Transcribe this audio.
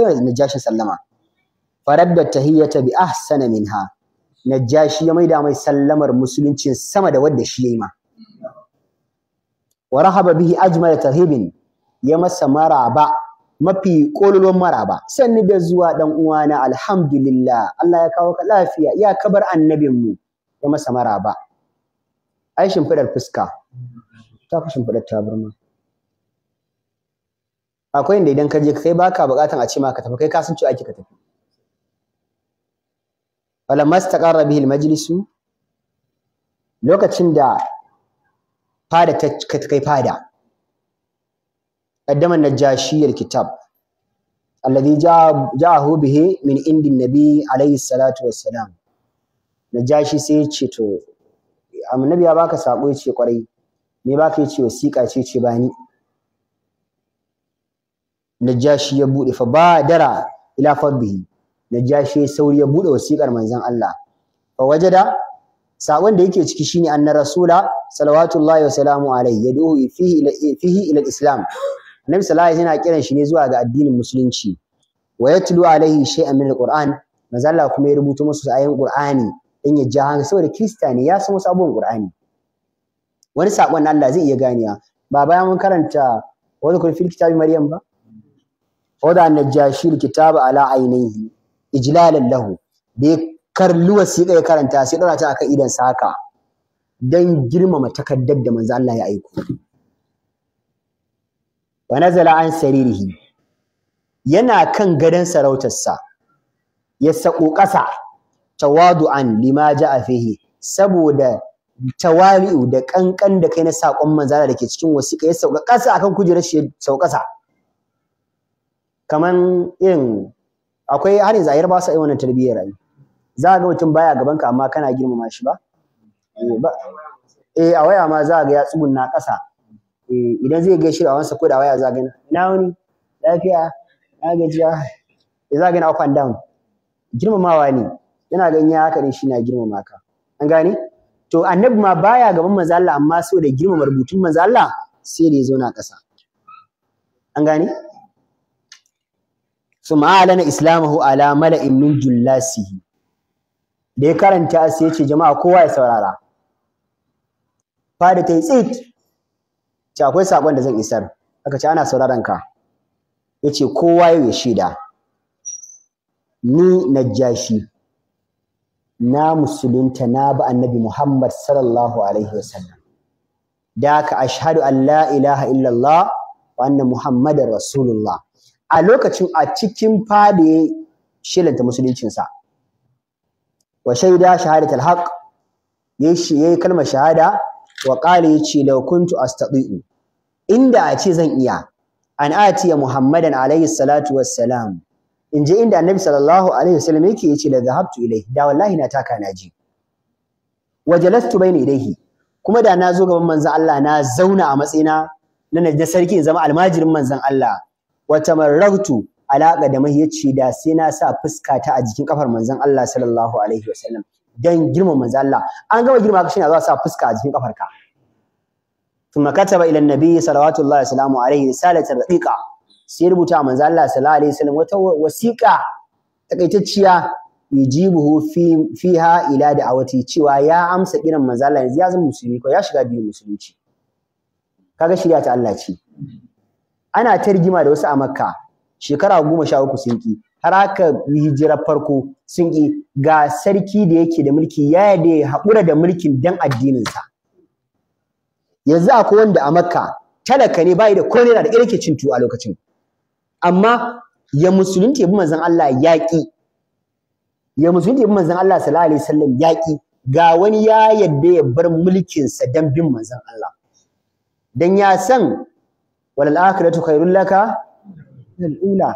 sai najashi sallama faradda tahiyyata bi ahsana minha najashi ya maida mai sallamar musulunci sama da wadda shi yayi ma wa rahaba bihi ajmal tahibin ya masa maraba mafi kololon maraba sanni da zuwa dan uwana alhamdulillah Allah ya kawo ka lafiya ya kabar annabin mu ya masa maraba ai shimfidar fuska ta fi shimfidar taburma akwai inda idan ka je kai baka bukatan a ce ma ka tafi kai ka san cewa ake ka tafi falamma istaqarra bihi almajlisu lokacin da fada ta kai fada qaddama najashi alkitab alladhi ja'ahu bihi min indin nabi alayhi salatu wassalam najashi sai ya ce to annabi ya baka sako ya ce kwarai me baka ya ce wasiƙa ce ce bani najashi ya bude fa badara ila fadhihi najashi sauri ya bude wasikar manzon Allah fa wajada sabon da yake ciki shine anna rasula salawatullahi wa salamu alayhi yaduhu fihi ila fihi ila islam annabi sallallahu alaihi yana kiran shi ne zuwa ga addinin musulunci wa yatlu alaihi shay'an min alquran manzo Allah kuma ya rubuta musu ayoyin qur'ani in ya ja hanga saboda kristani ya san wasu abubuwan qur'ani wani saƙon Allah zai iya ganiya ba bayan mun karanta wani kun fil kitabi maryam ba wada jashiru kitaba ala ainihi ijlalan lahu bai karli wasiƙa ya karanta sai ɗora ta akan idan saka dan girmama takaddar da manzo Allah ya aiko wa nazala an saririhi yana kan gadon sarautarsa ya sako ƙasa tawadu'an lima ja'a fihi saboda tawali'u da kankan da kai na sakon manzala da ke cikin wasiƙa ya sauka ƙasa akan kujerar shi sauka ƙasa kaman irin akwai har yanzu ayar ba su yi wannan tarbiyyar ai za ga mutum baya gaban ka amma kana girmama shi ba eh, eh a waya ma za ga ya tsugunna ƙasa eh, idan zai gaishe da wansa ko da waya za ga na wani lafiya na gajiya eh, za ga na up and down girmamawa ne yana ganin ya haka ne shi na girmama ka an gane to annabi ma baya gaban manzo Allah amma so da girmama rubutun manzo Allah sai da ya zo na ƙasa an gane ثم أعلن إسلامه على ملأ من جلاسه da ya karanta sai ya ce jama'a kowa ya saurara fada ta yi tsit ce akwai sakon da zan isar aka ce ana sauraron ka ya ce kowa ya shaida ni najashi na musulunta na bi annabi Muhammad sallallahu alaihi wasallam da ka ashhadu an la ilaha illallah wa anna muhammadar rasulullah a lokacin a cikin fada ya musuluncinsa wa shaida shahadat alhaq yayi kalmar shahada wa qala yace law kuntu astati'u inda a ce zan iya an ya muhammadan alayhi salatu wassalam in je inda annabi sallallahu alaihi wasallam yake yace da zahabtu ilaihi da wallahi na taka naji wa jalastu bayna ilaihi kuma da na zo gaban manzon Allah na zauna a matsayina na na sarki in zama almajirin manzon Allah wata marragtu alaƙa da mahi da sai na sa fuska ta a jikin kafar manzon Allah sallallahu alaihi wasallam dan girman manzon Allah an gama girma ka shine za sa fuska a jikin kafarka kuma kataba ila nabi sallallahu alaihi wasallam alaihi risalatan raqiqa sai rubuta manzon Allah sallallahu alaihi wasallam wata wasiqa takaitacciya yujibuhu fi fiha ila da'awati cewa ya amsa kiran manzon Allah yanzu ya zama musulmi ko ya shiga dinin musulunci kaga shirya ta Allah ce ana targima da wasu a makka shekara goma sha uku sun ki har aka yi hijirar farko sun ki ga sarki da yake da mulki ya yarda ya haƙura da mulkin dan addininsa yanzu akwai wanda a makka talaka ne bai da ko naira da ƙirke cin a lokacin amma ya musulunta bi manzon Allah yaƙi ya musulunta bi manzon Allah sallallahu alaihi wasallam yaƙi ga wani ya yadda ya bar mulkinsa dan bin manzon Allah dan ya san walal akhiratu khairul laka min al ula